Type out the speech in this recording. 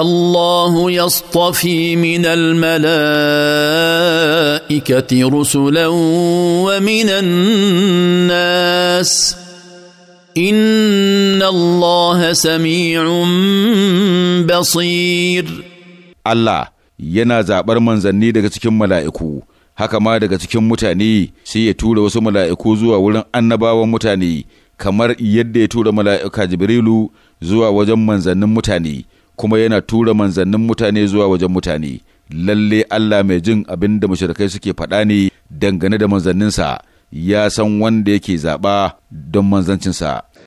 الله يصطفي من الملائكه رسلا ومن الناس ان الله سميع بصير الله yana zaɓar manzanni daga cikin mala'iku haka ma daga cikin mutane sai ya tura wasu mala'iku zuwa wurin annabawan mutane kamar yadda ya tura mala'ika jibrilu zuwa wajen manzannin mutane kuma yana tura manzannin mutane zuwa wajen mutane lalle Allah mai jin abin da mushrikai suke faɗa ne dangane da manzanninsa ya san wanda yake zaɓa don manzancinsa